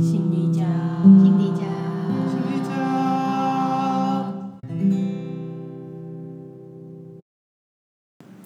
心底家，心底家，心底家。家，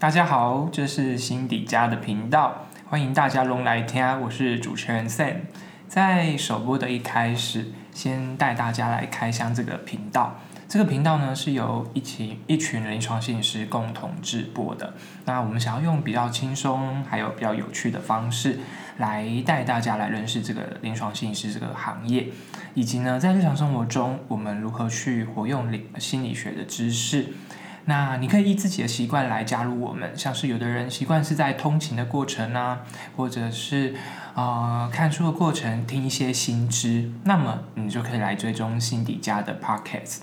大家好，這是心底家的頻道，歡迎大家攏來聽，我是主持人 Sam。在首播的一開始，先帶大家來開箱這個頻道。這個頻道呢，是由一群一群臨床心理師共同制播的。那我們想要用比較輕鬆還有比較有趣的方式，來帶大家來認識這個臨床心理師這個行業，以及呢，在日常生活中我們如何去活用理心理學的知識。那你可以以自己的習慣來加入我們，像是有的人習慣是在通勤的過程啊，或者是啊、呃、看書的過程聽一些新知，那麼你就可以來追蹤心底家的 Podcast。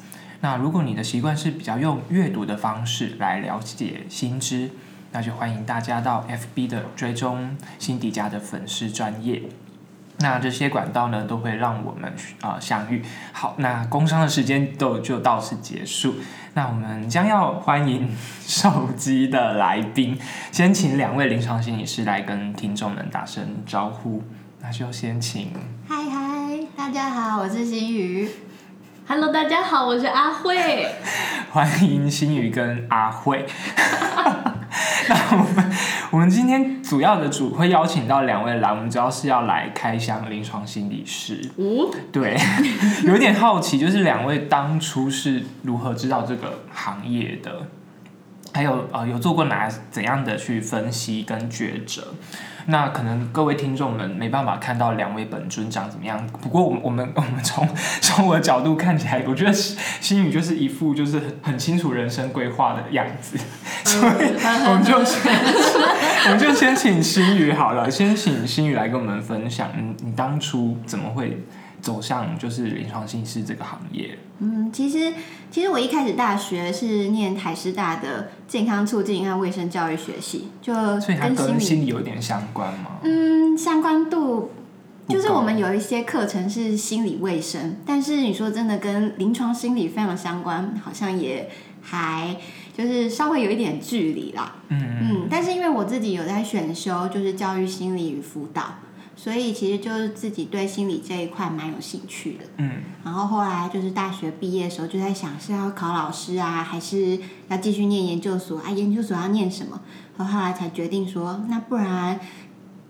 那如果你的習慣是比較用閱讀的方式來了解新知，那就歡迎大家到 FB 的追蹤心底家的粉絲專頁。那這些管道呢，都會讓我們啊、呃、相遇。好，那工商的時間都就到此結束。那我們將要歡迎首集的來賓， 先請兩位臨床心理師來跟聽眾們打聲招呼。那就先請，嗨嗨，大家好，我是新宇。Hello，大家好，我是阿慧。歡迎新宇跟阿慧。 那我們我們今天主要的主會邀請到兩位來，我們主要是要來開箱臨床心理師。哦、嗯，對，有點好奇，就是兩位當初是如何知道這個行業的？還有、呃、有做過哪怎樣的去分析跟抉擇？那可能各位聽眾們沒辦法看到兩位本尊長怎麼樣，不過我，我們我們從從我的角度看起來，我覺得心宇就是一副就是很清楚人生規劃的樣子，所以我們就先我們就先請心宇好了，先請心宇來跟我們分享，你，你當初怎麼會？走向就是臨床心理這個行業。嗯，其實其實我一開始大學是念台師大的健康促進和衛生教育學系，就所以跟心理有一點相關嗎？嗯，相關度不高。就是我們有一些課程是心理衛生，但是你說真的跟臨床心理非常相關，好像也還就是稍微有一點距離啦。嗯嗯，但是因為我自己有在選修，就是教育心理與輔導。所以其實就是自己對心理這一塊蠻有興趣的，嗯，然後後來就是大學畢業的時候就在想，是要考老師啊，還是要繼續念研究所啊？研究所要念什麼？然後後來才決定說，那不然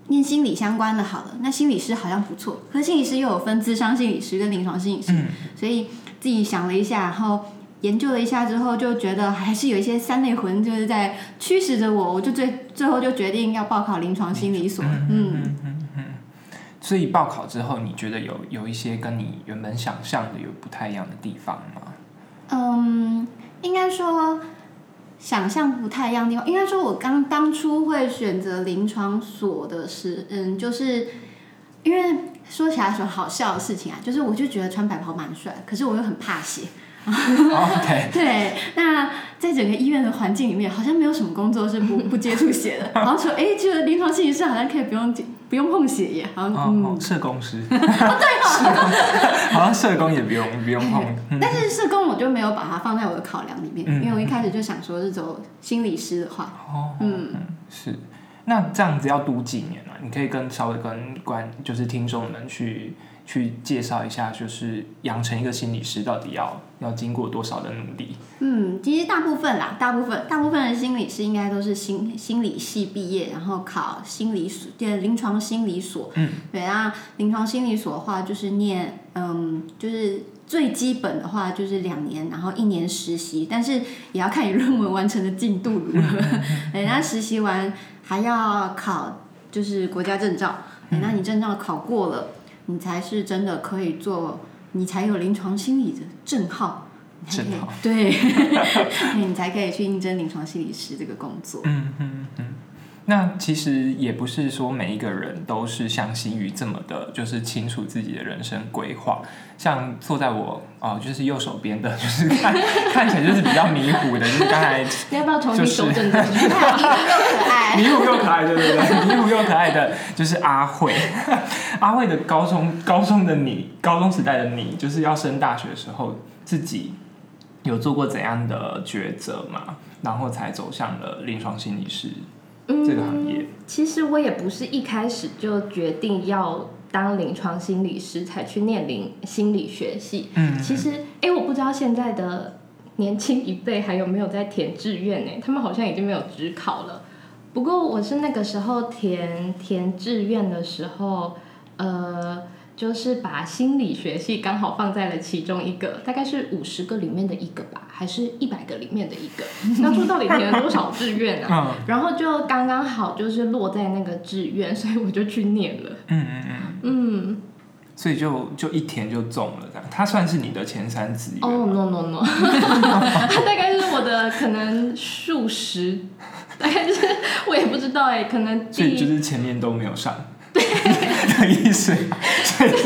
念心理相關的好了。那心理師好像不錯，可心理師又有分諮商心理師跟臨床心理師，所以自己想了一下，然後研究了一下之後，就覺得還是有一些三內魂就是在驅使着我，我就最最後就決定要報考臨床心理所。嗯嗯，嗯。嗯所以報考之後，你覺得有有一些跟你原本想象的有不太一樣的地方嗎？嗯，應該說想象不太一樣的地方，應該說我剛當初會選擇臨床所的是，嗯，就是因為說起來說好，好笑的事情啊，就是我就覺得穿白袍蠻帥，可是我又很怕血。哦，OK 對， 對，那在整個醫院的環境裡面，好像沒有什麼工作是不 不接觸血的。然後說，哎、欸，就臨床心理師好像可以不用。不用碰血液，好像，哦嗯哦、社工師， 好像社工也不用，不用碰。但是社工我就沒有把它放在我的考量裡面，嗯，因為我一開始就想說是走心理師的話。哦，嗯，是。那這樣子要讀幾年呢？你可以跟稍微跟觀就是聽眾們去去介紹一下，就是養成一個心理師到底要要經過多少的努力？嗯，其實大部分啦，大部分大部分的心理師應該都是心心理系畢業，然後考心理所，對臨床心理所。嗯，對啊，臨床心理所的話就是念，嗯，就是最基本的話就是兩年，然後一年實習，但是也要看你論文完成的進度如何。對，那 實習完。還要考，就是國家證照，嗯欸。那你證照考過了，你才是真的可以做，你才有臨床心理的證號。證號好對， 你才可以去應徵臨床心理師這個工作。嗯嗯嗯。那其實也不是說每一個人都是像新宇這麼的，就是清楚自己的人生規劃。像坐在我哦、呃，就是右手邊的，就是看,看起來就是比較迷糊的，就是剛才你、就是、要不要重新 迷糊又可愛，迷糊又可愛的，對對對，迷糊又可愛的，就是阿慧。阿慧的高中，高中的你，高中時代的你，就是要升大學的時候，自己有做過怎樣的抉擇嗎？然後才走向了臨床心理師。嗯、這個行業，其實我也不是一開始就決定要當臨床心理師，才去念臨心理學系。嗯，其實，誒，我不知道現在的年輕一輩還有沒有在填志願呢？他們好像已經沒有指考了。不過我是那個時候填填志願的時候，呃。就是把心理學系剛好放在了其中一個，大概是五十個裡面的一個吧，還是一百個裡面的一個。當初到底填了多少志願啊？ 然後就剛剛好就是落在那個志願，所以我就去念了。嗯嗯嗯。嗯，所以就就一填就中了，這樣。他算是你的前三志願。哦、oh，no no no，no. 他大概是我的可能數十， 大概就是我也不知道哎、欸，可能第一。所以就是前面都沒有上。對， 的意思，對對。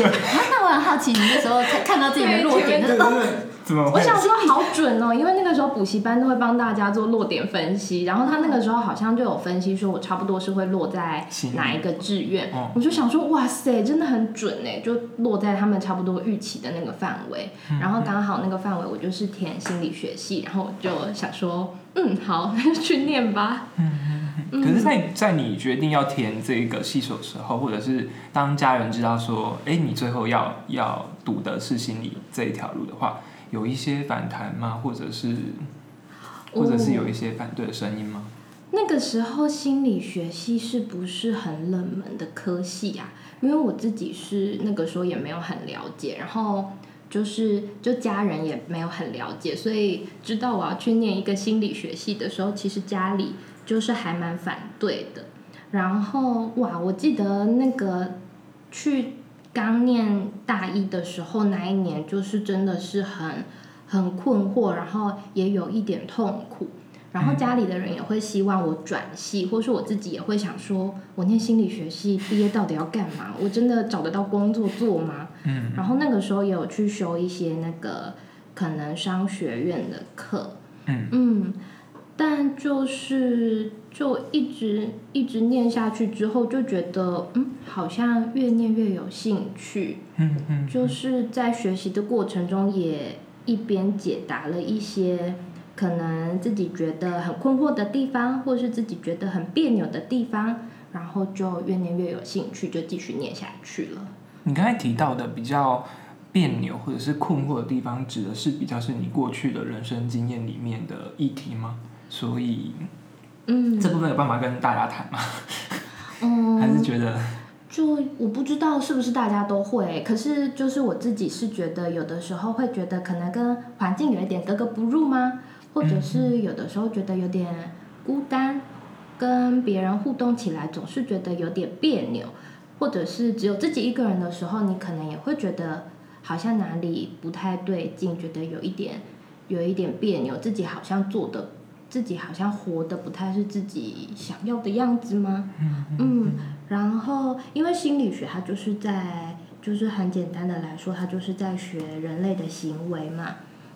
那我很好奇，你那時候才看到自己的弱點，那種天。我想說好準哦，因為那個時候補習班都會幫大家做落點分析，然後他那個時候好像就有分析說，我差不多是會落在哪一個志願，嗯、我就想說哇塞，真的很準哎，就落在他們差不多預期的那個範圍，然後剛好那個範圍我就是填心理學系，然後我就想說嗯好，那就去念吧。嗯、可是，在在你決定要填這個系的時候，或者是當家人知道說，哎，你最後要要讀的是心理這一條路的話。有一些反彈嗎？或者是，或者是有一些反對的聲音嗎？嗯，那個時候心理學系是不是很冷門的科系啊？因為我自己是那個時候也沒有很了解，然後就是就家人也沒有很了解，所以知道我要去念一個心理學系的時候，其實家裡就是還蠻反對的。然後哇，我記得那個去。剛念大一的時候，那一年就是真的是很很困惑，然後也有一點痛苦，然後家裡的人也會希望我轉系，或是我自己也會想說，我念心理學系畢業到底要幹嘛？我真的找得到工作做嗎？嗯，然後那個時候也有去修一些那個可能商學院的課，嗯。嗯但就是就一直一直念下去之後，就覺得嗯，好像越念越有興趣。嗯嗯，就是在學習的過程中，也一邊解答了一些可能自己覺得很困惑的地方，或是自己覺得很別扭的地方，然後就越念越有興趣，就繼續念下去了。你剛才提到的比較別扭或者是困惑的地方，指的是比較是你過去的人生經驗裡面的議題嗎？所以，嗯，這部分有辦法跟大家談嗎？嗯，還是覺得，就我不知道是不是大家都會，可是就是我自己是覺得有的時候會覺得可能跟環境有一點格格不入嗎？或者是有的時候覺得有點孤單，嗯，跟別人互動起來總是覺得有點別扭，或者是只有自己一個人的時候，你可能也會覺得好像哪裡不太對勁，覺得有一點有一點別扭，自己好像做的。自己好像活得不太是自己想要的樣子嗎？ 嗯，然後因為心理學它就是在，就是很簡單的來說，它就是在學人類的行為嘛，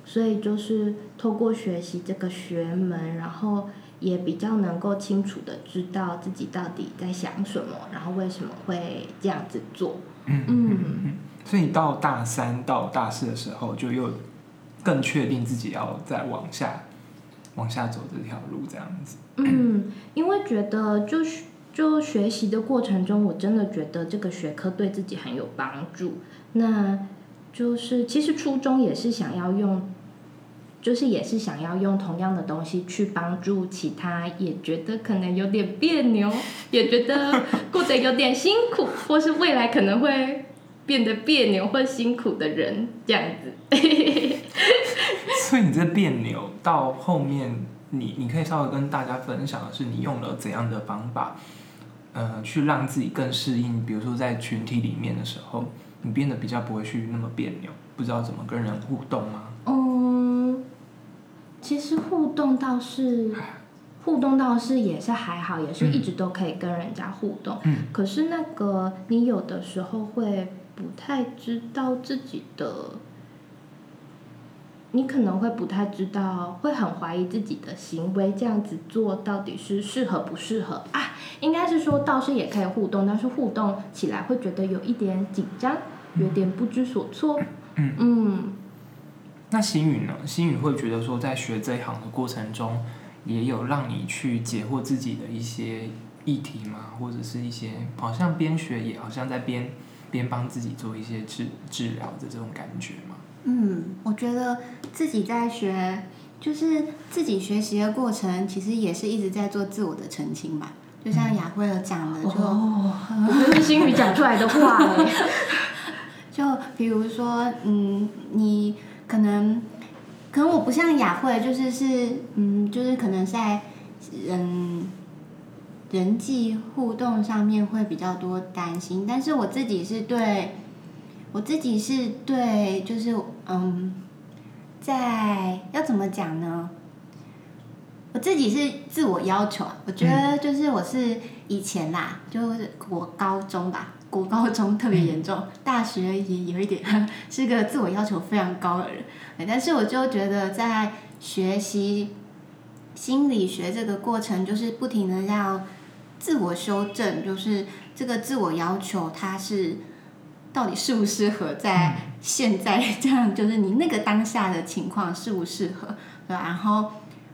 所以就是透過學習這個學門，然後也比較能夠清楚的知道自己到底在想什麼，然後為什麼會這樣子做。 嗯，所以到大三到大四的時候，就又更確定自己要再往下。往下走這條路，這樣子。嗯，因為覺得就學就學習的過程中，我真的覺得這個學科對自己很有幫助。那就是其實初衷也是想要用，就是也是想要用同樣的東西去幫助其他，也覺得可能有點彆扭，也覺得過得有點辛苦， 或是未來可能會變得彆扭或辛苦的人，這樣子。 對你這彆扭到後面你，你你可以稍微跟大家分享的是，你用了怎樣的方法，呃，去讓自己更適應，比如說在群體裡面的時候，你變得比較不會去那麼彆扭，不知道怎麼跟人互動嗎？嗯，其實互動倒是，互動倒是也是還好，也是一直都可以跟人家互動。嗯，可是那個你有的時候會不太知道自己的。你可能會不太知道，會很懷疑自己的行為，這樣子做到底是適合不適合啊？應該是說，倒是也可以互動，但是互動起來會覺得有一點緊張，有點不知所措。嗯，嗯，那星宇呢？星宇會覺得說，在學這行的過程中，也有讓你去解惑自己的一些議題嗎？或者是一些好像邊學也好像在邊邊幫自己做一些治治療的這種感覺嗎？嗯，我覺得自己在學，就是自己學習的過程，其實也是一直在做自我的澄清吧。就像雅慧有講的，就我這是心裡講出來的話了。 就比如說，嗯，你可能，可能我不像雅慧，就是是，嗯，就是可能在，嗯，人際互動上面會比較多擔心，但是我自己是對。我自己是對，就是嗯，在要怎麼講呢？我自己是自我要求啊，我覺得就是我是以前啦，嗯、就是我高中吧，國高中特別嚴重，嗯、大學也有一點，是個自我要求非常高的人。但是我就覺得在學習心理學這個過程，就是不停的要自我修正，就是這個自我要求，它是。到底適不適合在現在這樣？嗯、就是你那個當下的情況適不適合？對吧？然後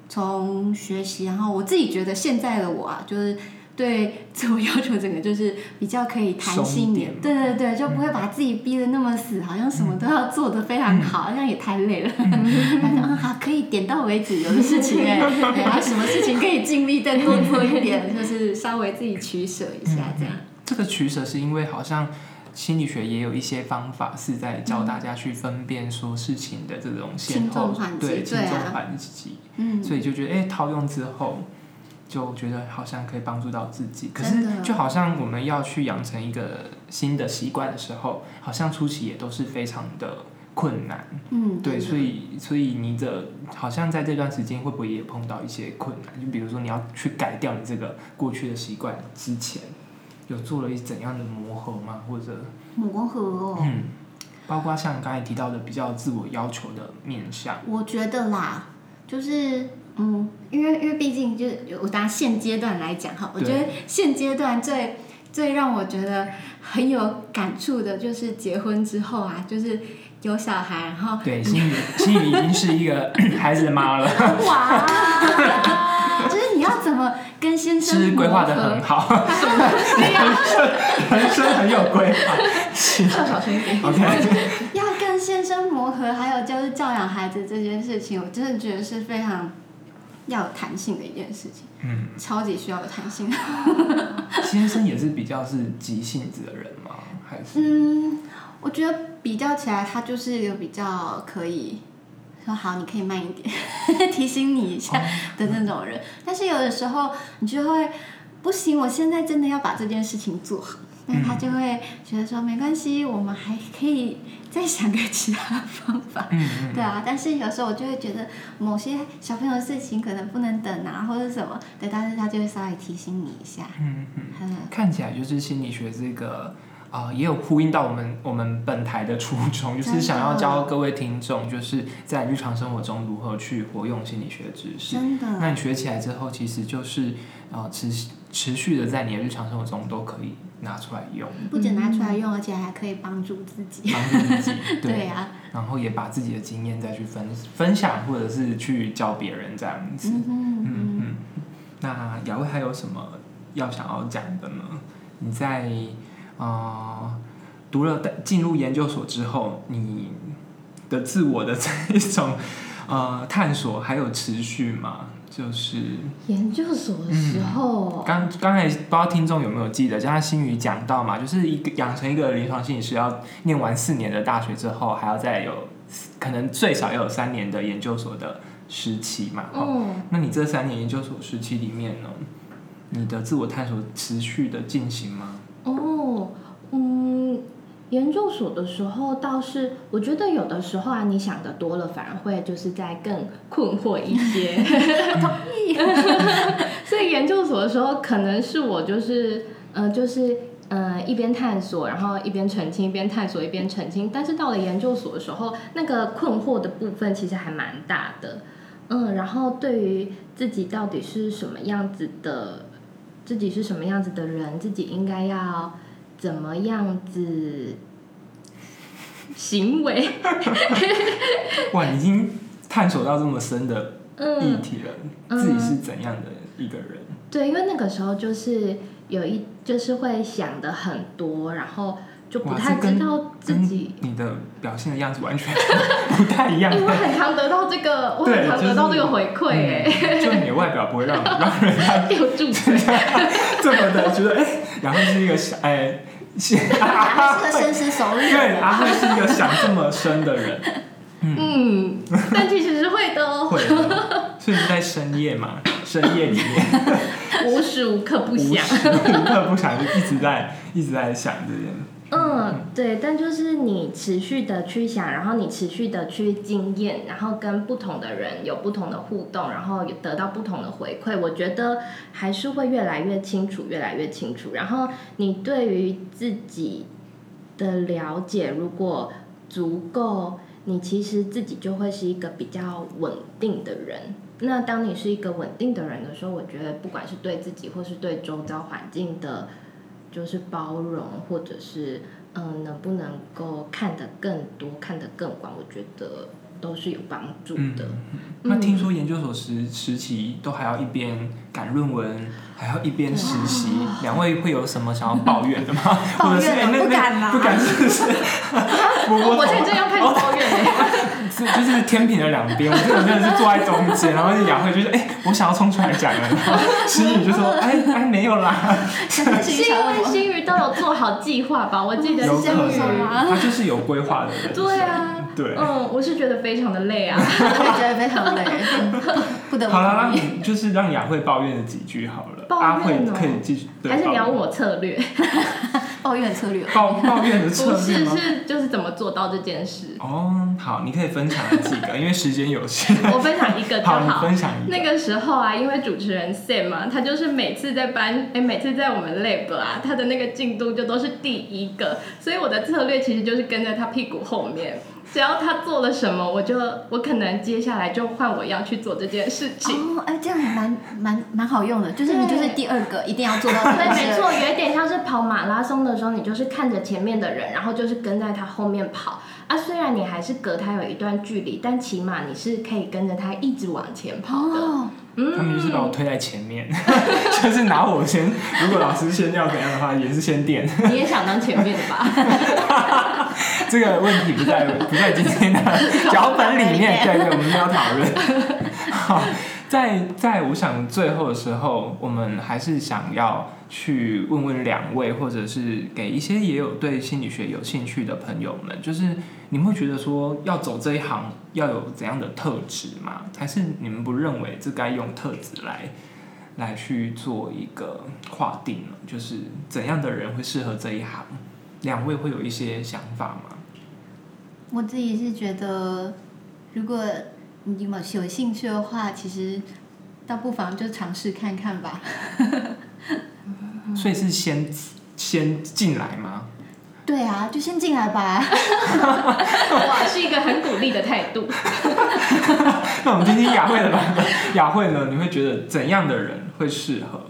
從學習，然後我自己覺得現在的我啊，就是對自我要求，整個就是比較可以彈性一點，點對對對，就不會把自己逼得那麼死，嗯、好像什麼都要做得非常好，好像、嗯、也太累了。他說啊，可以點到為止，有的事情哎、欸， 對什麼事情可以盡力，再多，多一點，嗯、就是稍微自己取捨一下這樣。嗯、這個取捨是因為好像。心理學也有一些方法是在教大家去分辨說，事情的這種先後。對，輕重緩急，嗯，所以就覺得哎，套用之後就覺得好像可以幫助到自己。可是真的，就好像我們要去養成一個新的習慣的時候，好像初期也都是非常的困難，嗯，對，真的。所以所以你的好像在這段時間會不會也碰到一些困難？就比如說你要去改掉你這個過去的習慣之前。有做了一怎樣的磨合嗎？或者磨合、哦，嗯，包括像剛才提到的比較自我要求的面相，我覺得啦，就是，嗯，因為因為畢竟就是我拿現階段來講哈，我覺得現階段最對最讓我覺得很有感觸的就是結婚之後啊，就是有小孩，然後對，心裡心裡已經是一個 孩子的媽了，哇、啊，就是。他怎麼跟先生？是規劃得很好，哈 人生 人生很有規劃，笑、啊、小一點。Okay. 要跟先生磨合，還有就是教養孩子這件事情，我真的覺得是非常要有彈性的一件事情，嗯，超級需要有彈性。嗯、 先生也是比較是急性子的人嗎？還是？嗯，我覺得比較起來，他就是一個比較可以。說好，你可以慢一點，提醒你一下的那種人。哦嗯、但是有的時候你就會不行，我現在真的要把這件事情做好。那他就會覺得說、嗯、沒關係，我們還可以再想個其他的方法。嗯嗯、對啊，但是有時候我就會覺得某些小朋友的事情可能不能等啊，或者什麼。對，但是他就會稍微提醒你一下。嗯。嗯嗯、看起來就是心理學這個。啊、呃，也有呼應到我們我們本台的初衷，就是想要教各位聽眾，就是在日常生活中如何去活用心理學知識真的，那你學起來之後，其實就是，呃、持持續的在你的日常生活中都可以拿出來用。嗯、不僅拿出來用，而且還可以幫助自己。幫 助自己，對， 對啊。然後也把自己的經驗再去分分享，或者是去教別人這樣子。嗯嗯，嗯，嗯，嗯那雅慧還有什麼要想要講的呢？你在？啊、嗯，讀了進入研究所之後，你的自我的這一種呃探索，還有持續嗎？就是研究所的時候、哦嗯，剛剛才不知道聽眾有沒有記得，就像新宇講到嘛，就是一個養成一個臨床心理師要念完四年的大學之後，還要再有可能最少要有三年的研究所的時期嘛。嗯、哦，那你這三年研究所時期裡面呢，你的自我探索持續的進行嗎？哦。哦，嗯，研究所的時候倒是，我覺得有的時候啊，你想的多了，反而會就是再更困惑一些。 我同意。 所以研究所的時候，可能是我就是，呃，就是，呃，一邊探索，然後一邊澄清，一邊探索，一邊澄清。但是到了研究所的時候，那個困惑的部分其實還蠻大的。嗯，然後對於自己到底是什麼樣子的，自己是什麼樣子的人，自己應該要。怎麼樣子行為？ 哇，你已經探索到這麼深的議題了，嗯嗯、自己是怎樣的一個人？對，因為那個時候就是有一，就是會想的很多，然後。就不太知道自己，你的表現的樣子完全不太一樣，因為很常得到這個，我很常得到這個回饋哎，就你的外表不會讓讓人家住，這麼的覺得哎，阿慧是一個想哎，是對，阿慧是一個想這麼深的人，嗯，但其實是會的哦，會的，所以是在深夜嘛，深夜裡面無時無刻不想，無時無刻不想，就一直在一直在想這些。嗯，對，但就是你持續的去想，然後你持續的去經驗，然後跟不同的人有不同的互動，然後也得到不同的回饋，我覺得還是會越來越清楚，越來越清楚。然後你對於自己的了解如果足夠，你其實自己就會是一個比較穩定的人。那當你是一個穩定的人的時候，我覺得不管是對自己或是對周遭環境的。就是包容，或者是嗯，能不能夠看得更多、看得更廣？我覺得都是有幫助的、嗯。那聽說研究所時期都還要一邊趕論文，嗯、還要一邊實習，兩、嗯、位會有什麼想要抱怨的嗎？抱怨我是、欸、不敢，不敢是不是啊，不敢，試試。是。我我我，這最要看你抱怨、欸哦就是天平的兩邊，我覺得我真的是坐在中間， 然後雅慧就說、是：“哎、欸，我想要衝出來講了。” 然後心雨就說：“ 哎哎，沒有啦。 ”是因為心雨都有做好計劃吧？我記得、啊、有瑜他就是有規劃的人， 對啊。對嗯，我是覺得非常的累啊， 我覺得非常累，不得不。好了，那你就是讓雅慧抱怨了幾句好了，抱怨、喔、可以繼續，對還是聊我策略，抱怨策略，抱抱，抱怨的策略不是是就是怎麼做到這件事？哦，好，你可以分享幾個，因為時間有限， 我分享一個就好，好你分享一個。那個時候啊，因為主持人 Sam 嘛、啊，他就是每次在班，哎、欸，每次在我們 Lab 啊，他的那個進度就都是第一個，所以我的策略其實就是跟在他屁股後面。只要他做了什麼，我就我可能接下來就換我要去做這件事情。哦，哎、欸，這樣也蠻蠻蠻好用的，就是你就是第二個對一定要做到。對，沒錯，有點像是跑馬拉松的時候，你就是看着前面的人，然後就是跟在他後面跑。啊，雖然你還是隔他有一段距離，但起碼你是可以跟着他一直往前跑的。哦嗯、他們就是把我推在前面， 就是拿我先。 如果老師先要怎樣的話，也是先墊。你也想當前面的吧？ 這個問題不在 不在今天的腳 本裡面， 對，對對，我們沒有討論。 好，在在我想最後的時候，我們還是想要去問問兩位，或者是給一些也有對心理學有興趣的朋友們，就是你們會覺得說要走這一行要有怎樣的特質嗎？還是你們不認為這該用特質來來去做一個劃定呢？就是怎樣的人會適合這一行？兩位會有一些想法嗎？我自己是覺得，如果你有有興趣的話，其實倒不妨就嘗試看看吧。所以是先先進來嗎？對啊，就先進來吧。哇， 是一個很鼓勵的態度。 那我們聽聽雅慧的吧。雅慧呢，你會覺得怎樣的人會適合？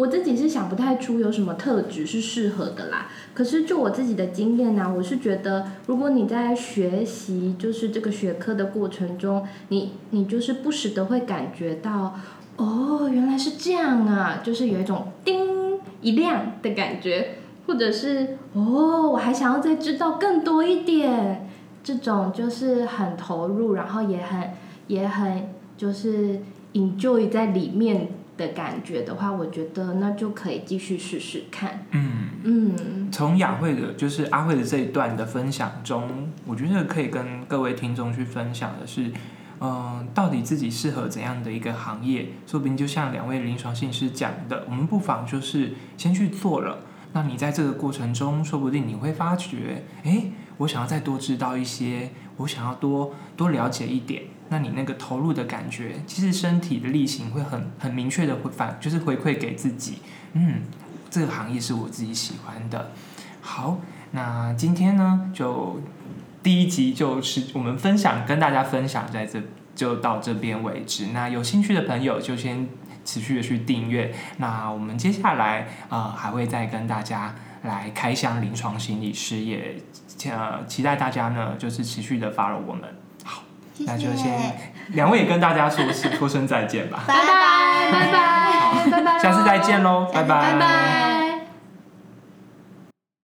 我自己是想不太出有什麼特質是適合的啦。可是就我自己的經驗呢、啊，我是覺得，如果你在學習就是這個學科的過程中，你你就是不時的會感覺到，哦，原來是這樣啊，就是有一種叮一亮的感覺，或者是哦，我還想要再知道更多一點，這種就是很投入，然後也很也很就是 enjoy 在裡面。的感覺的話，我覺得那就可以繼續試試看。嗯嗯，從、嗯、雅慧的，就是阿慧的這一段的分享中，我覺得可以跟各位聽眾去分享的是，嗯、呃，到底自己適合怎樣的一個行業？說不定就像兩位臨床心理師講的，我們不妨就是先去做了。那你在這個過程中，說不定你會發覺，誒、欸，我想要再多知道一些，我想要多多了解一點。那你那個投入的感覺，其實身體的力行會很很明確的回反，就是回饋給自己。嗯，這個行業是我自己喜歡的。好，那今天呢，就第一集就是我們分享，跟大家分享在這，就到這邊為止。那有興趣的朋友就先持續的去訂閱。那我們接下來啊，呃，還會再跟大家來開箱臨床心理師，也，呃，期待大家呢就是持續的 follow 我們。謝謝。那就先，兩位也跟大家說聲說聲再見吧，拜拜拜拜，好，拜拜，下次再見嘍，見下次 拜拜。拜拜